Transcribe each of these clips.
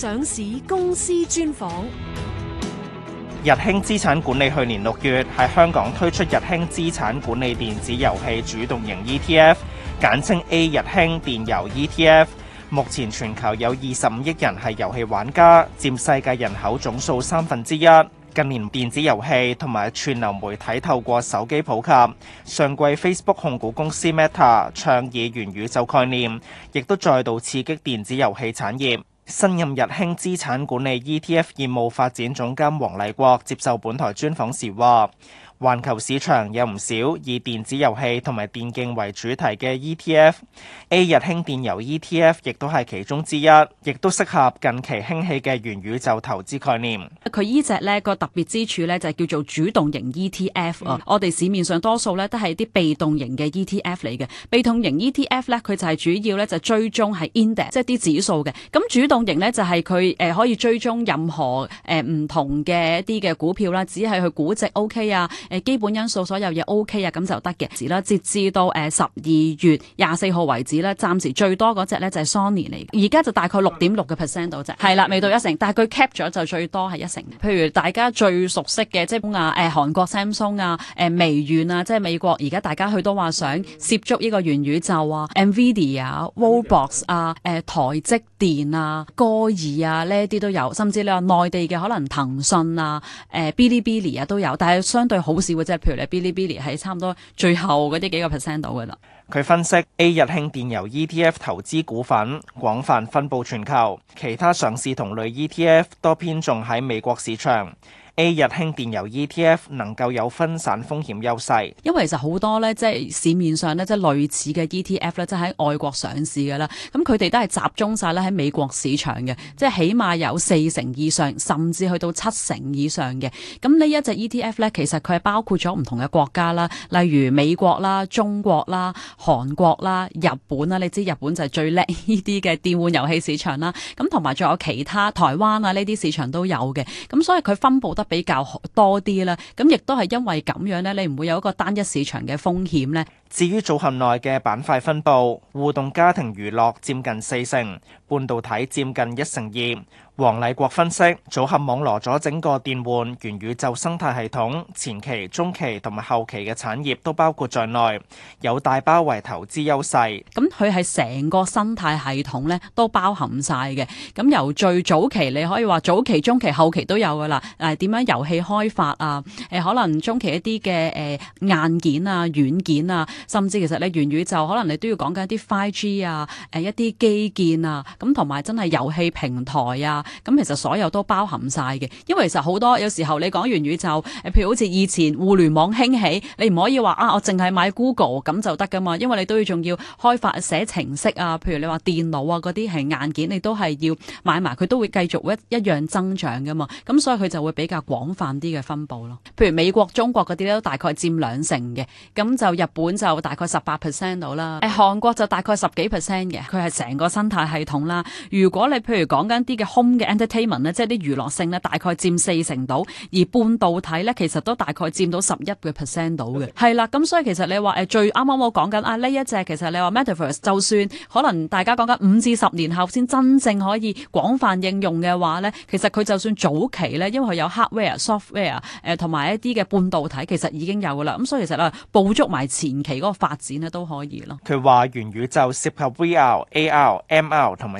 上市公司專訪。日興資產管理去年六月喺香港推出日興資產管理電子遊戲主動型 ETF，簡稱 A 日興電遊 ETF。目前全球有二十五億人係遊戲玩家，占世界人口總數三分之一。近年電子遊戲同埋串流媒體透過手機普及，上季 Facebook 控股公司 Meta 倡議元宇宙概念，亦都再度刺激電子遊戲產業。新任日興資產管理 ETF 業務發展總監黃麗國接受本台專訪時話。環球市場有唔少以電子遊戲同埋電競為主題嘅 ETF，A 日興電遊 ETF 亦都係其中之一，亦都適合近期興起嘅元宇宙投資概念。佢依隻呢個特別之處呢，就係叫做主動型 ETF 啊！嗯、我哋市面上多數呢，都係啲被動型嘅 ETF 嚟嘅，被動型 ETF 呢，佢就係主要呢，就追蹤係 index，即係啲指數嘅。咁主動型呢，就係佢誒可以追蹤任何誒唔同嘅一啲嘅股票啦，只係佢估值 OK 啊。誒基本因素所有嘢 O K 啊，咁就得嘅。至啦，截至到誒十二月廿四號為止咧，暫時最多嗰隻咧就係、是、Sony 嚟嘅，而家就大概六點六個 percent 到只係啦，未到一成，但係佢 cap 咗就最多係一成。譬如大家最熟悉嘅，即係啊誒韓國 Samsung 啊、誒、呃、微軟啊，即係美國。而家大家去都話想涉足呢個元宇宙啊、Nvidia、呃、啊、Roblox 啊、誒台積電啊、歌爾啊呢啲都有，甚至你話內地嘅可能騰訊啊、誒、呃、Bilibili 啊都有，但係相對好。市嘅即係譬如你 Bilibili 喺差唔多最後嗰啲幾個 percent 到嘅啦。佢分析 A 日興電遊 ETF 投資股份廣泛分布全球，其他上市同類 ETF 多偏重喺美國市場。A 日興電遊 ETF 能夠有分散風險優勢，因為其實好多咧，即係市面上咧，即係類似嘅 ETF 咧，即係喺外國上市嘅啦。咁佢哋都係集中晒咧喺美國市場嘅，即係起碼有四成以上，甚至去到七成以上嘅。咁呢一隻 ETF 咧，其實佢係包括咗唔同嘅國家啦，例如美國啦、中國啦、韓國啦、日本啦。你知日本就係最叻呢啲嘅電玩遊戲市場啦。咁同埋仲有其他台灣啊呢啲市場都有嘅。咁所以佢分布比較多啲啦，咁亦都係因為咁樣咧，你唔會有一個單一市場嘅風險咧。至於組合內嘅板塊分佈，互動家庭娛樂佔近四成。半導體佔近一成二。黃禮國分析，組合網攞羅咗整個電玩元宇宙生態系統前期、中期同埋後期嘅產業都包括在內，有大包圍投資優勢。咁佢係成個生態系統咧都包含晒嘅。咁由最早期，你可以話早期、中期、後期都有㗎啦。誒、啊、點樣遊戲開發啊？誒、啊、可能中期一啲嘅誒硬件啊、軟件啊，甚至其實咧元宇宙可能你都要講緊一啲 5G 啊、誒、啊啊、一啲基建啊。咁同埋真係遊戲平台啊。咁其實所有都包含晒嘅，因為其實好多有時候你講完宇宙，誒譬如好似以前互聯網興起，你唔可以話啊我淨係買 Google 咁就得噶嘛，因為你都要仲要開發寫程式啊，譬如你話電腦啊啲係硬件，你都係要買埋，佢都會繼續一一樣增長噶嘛。咁所以佢就會比較廣泛啲嘅分佈咯。譬如美國中國嗰啲咧，都大概佔兩成嘅，咁就日本就大概十八 percent 到啦，誒韓國就大概十幾 percent 嘅，佢係成個生態系統。啦，如果你譬如講緊啲嘅 home 嘅 entertainment 呢，即係啲娛樂性呢，大概佔四成到；而半導體呢，其實都大概佔到十一個 percent 到嘅。係啦，咁 Okay. 所以其實你話誒最啱啱我講緊啊呢一隻其實你話 metaverse 就算可能大家講緊五至十年後先真正可以廣泛應用嘅話呢，其實佢就算早期呢，因為佢有 hardware、software 誒、呃、同埋一啲嘅半導體，其實已經有噶啦。咁所以其實啦，捕捉埋前期嗰個發展呢都可以咯。佢話元宇宙涉及 VR、AR、ML 同埋。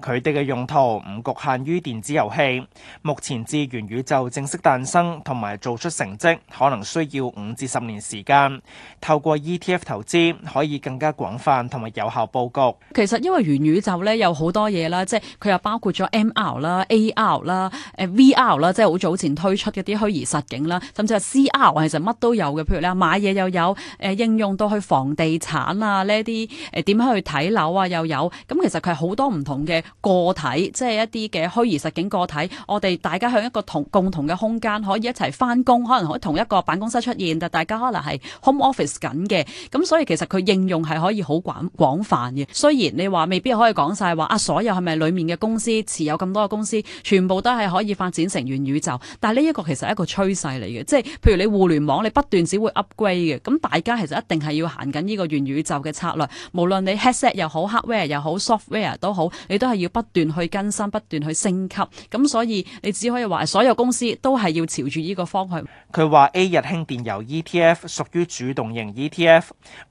佢哋嘅用途唔局限於電子遊戲，目前至元宇宙正式誕生同埋做出成績，可能需要五至十年時間，透過 ETF 投資，可以更加廣泛同埋有效布局。其實因為元宇宙咧有好多嘢啦，即係佢又包括咗 MR 啦、AR 啦、誒 VR 啦，即係好早前推出嗰啲虛擬實境啦，甚至係 CR，其實乜都有嘅。譬如你買嘢又有誒應用到去房地產啊呢啲誒點樣去睇樓啊又有咁，其實佢係好多唔同嘅。個體即係一啲嘅虛擬實境個體，我哋大家向一個同共同嘅空間可以一齊翻工，可能可以同一個辦公室出現，但大家可能係 home office 緊嘅。咁所以其實佢應用係可以好廣廣泛嘅。雖然你話未必可以講晒話啊，所有係咪裡面嘅公司持有咁多嘅公司，全部都係可以發展成元宇宙。但係呢一個其實係一個趨勢嚟嘅，即係譬如你互聯網，你不斷只會 upgrade 嘅。咁大家其實一定係要行緊呢個元宇宙嘅策略，無論你 headset 又好，hardware 又好，software 都好，你都係。要不斷去更新，不斷去升級，咁所以你只可以話所有公司都係要朝住呢個方向。佢話 A 日興電遊 ETF 屬於主動型 ETF，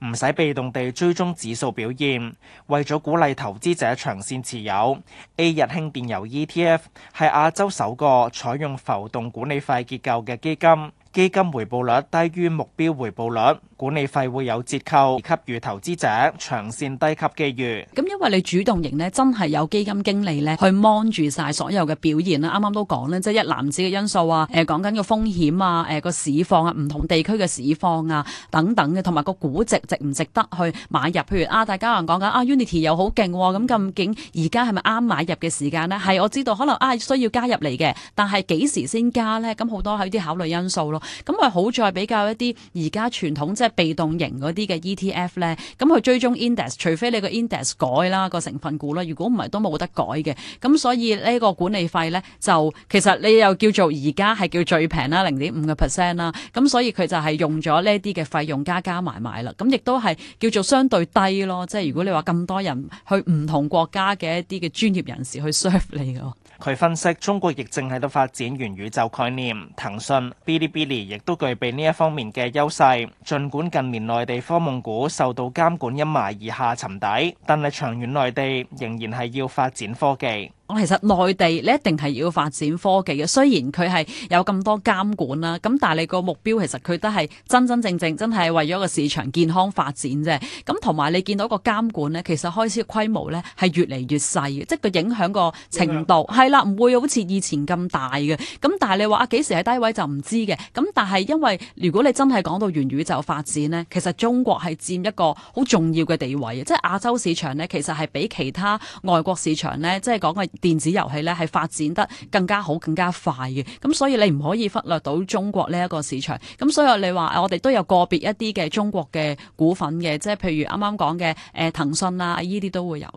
唔使被動地追蹤指數表現。為咗鼓勵投資者長線持有，A 日興電遊 ETF 係亞洲首個採用浮動管理費結構嘅基金。基金回報率低於目標回報率，管理費會有折扣給予投資者長線低級機遇。咁因為你主動型呢，真係有基金經理咧去 mon 住晒所有嘅表現啦。啱啱都講咧，即係一籃子嘅因素啊。誒，講緊個風險啊，誒個市況啊，唔同地區嘅市況啊等等嘅，同埋個股值值唔值得去買入。譬如啊，大家可能講緊啊，Unity 又好勁咁，究竟而家係咪啱買入嘅時間呢？係我知道可能啊需要加入嚟嘅，但係幾時先加呢？咁好多係啲考慮因素咯。咁佢好在比較一啲而家傳統即係被動型嗰啲嘅 ETF 咧，咁佢追蹤 index，除非你個 index 改啦，個成分股啦，如果唔係都冇得改嘅。咁所以呢個管理費咧，就其實你又叫做而家係叫最平啦，零點五嘅 percent 啦。咁所以佢就係用咗呢一啲嘅費用加加埋埋啦。咁亦都係叫做相對低咯。即係如果你話咁多人去唔同國家嘅一啲嘅專業人士去 serve 你嘅。佢分析，中國亦正喺度發展元宇宙概念，騰訊、Bilibili 亦都具備呢一方面嘅優勢。儘管近年內地科網股受到監管陰霾而下沉底，但係長遠內地仍然係要發展科技。我其實內地你一定係要發展科技嘅，雖然佢係有咁多監管啦，咁但係你個目標其實佢都係真真正正真係為咗個市場健康發展啫。咁同埋你見到個監管呢，其實開始規模呢係越嚟越細嘅，即係佢影響個程度係啦，嗯，唔會好似以前咁大嘅。咁但係你話啊幾時係低位就唔知嘅。咁但係因為如果你真係講到元宇宙發展呢，其實中國係佔一個好重要嘅地位。即係亞洲市場呢，其實係比其他外國市場呢，即係講嘅。電子遊戲咧係發展得更加好、更加快嘅，咁所以你唔可以忽略到中國呢一個市場。咁所以你話我哋都有個別一啲嘅中國嘅股份嘅，即係譬如啱啱講嘅誒騰訊啦、啊，呢啲都會有。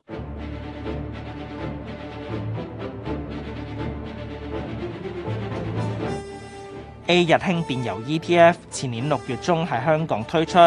A 日興電遊 ETF 前年六月中喺香港推出。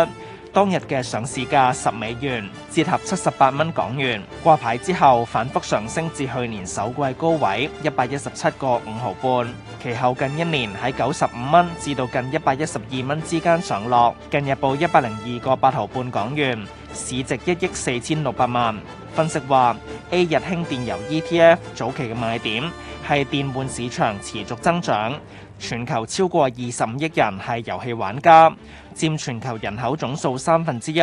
當日嘅上市價十美元，折合七十八蚊港元。掛牌之後反覆上升至去年首季高位一百一十七個五毫半，其後近一年喺九十五蚊至到近一百一十二蚊之間上落。近日報一百零二個八毫半港元，市值一億四千六百萬。分析話，A 日興電遊 ETF 早期嘅賣點。係電玩市場持續增長，全球超過二十五億人係遊戲玩家，佔全球人口總數三分之一。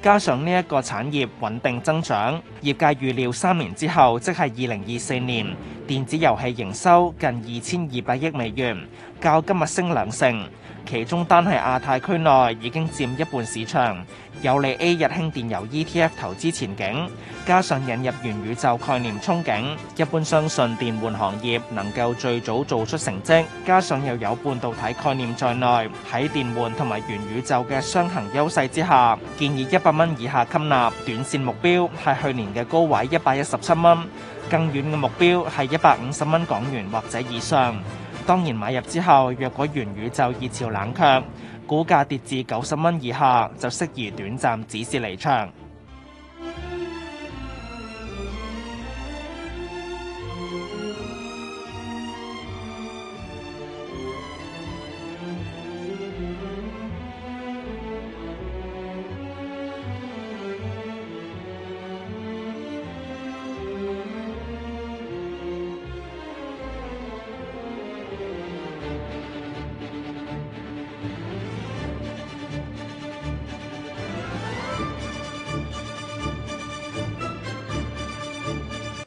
加上呢一個產業穩定增長，業界預料三年之後，即係二零二四年。電子遊戲營收近二千二百億美元，較今日升兩成。其中單係亞太區內已經占一半市場，有利 A 日興電遊 ETF 投資前景。加上引入元宇宙概念憧憬，一般相信電玩行業能夠最早做出成績。加上又有半導體概念在內，喺電玩同埋元宇宙嘅雙行優勢之下，建議一百蚊以下吸納，短線目標係去年嘅高位一百一十七蚊。更遠嘅目標係一百五十蚊港元或者以上。當然買入之後，若果元宇宙熱潮冷卻，股價跌至九十蚊以下，就適宜短暫止蝕離場。